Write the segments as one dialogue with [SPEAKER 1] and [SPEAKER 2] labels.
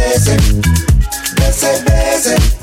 [SPEAKER 1] besen, de se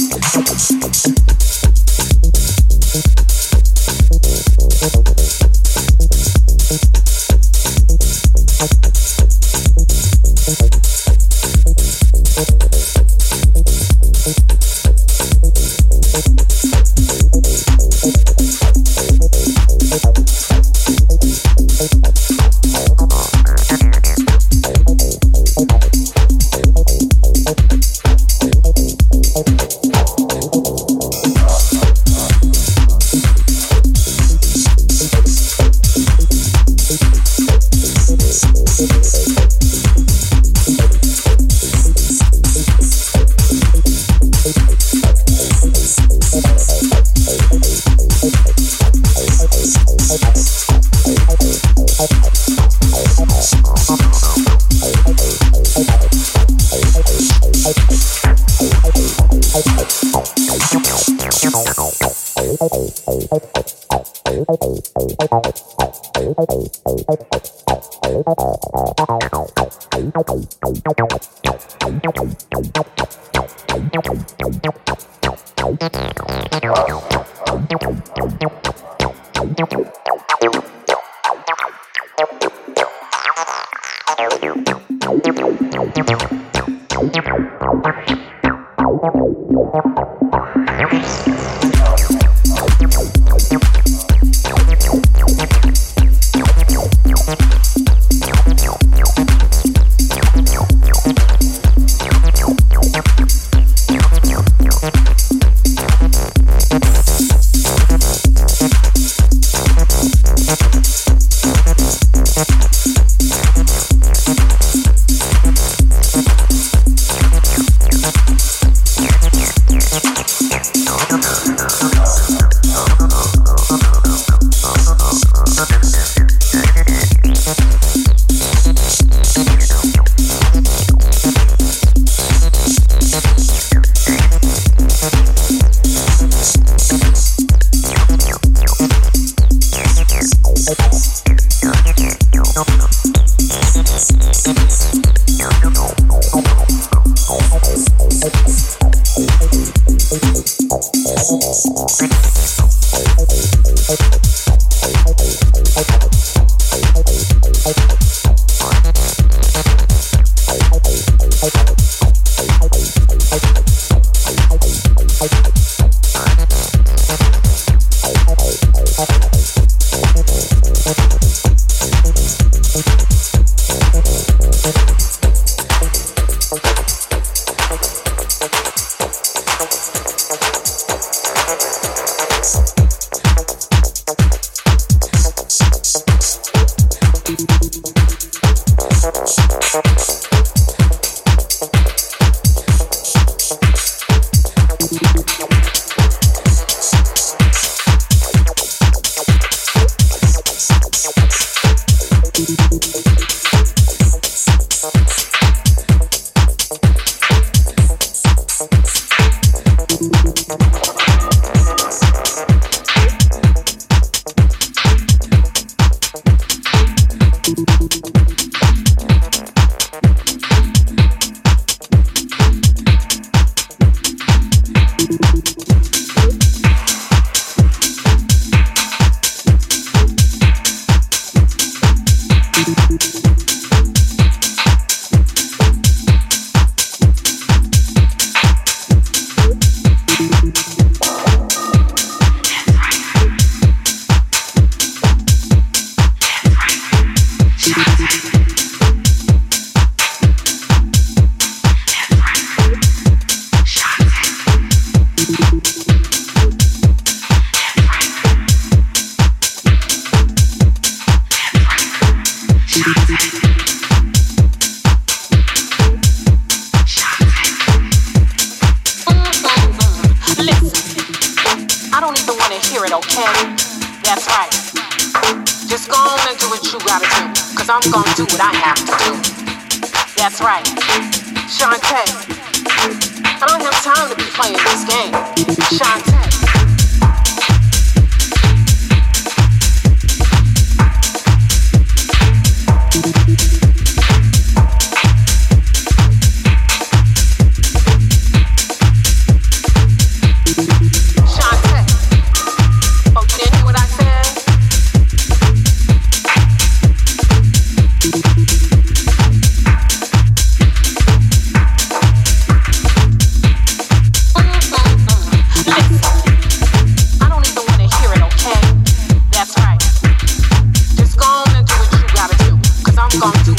[SPEAKER 2] Thank you. Con tu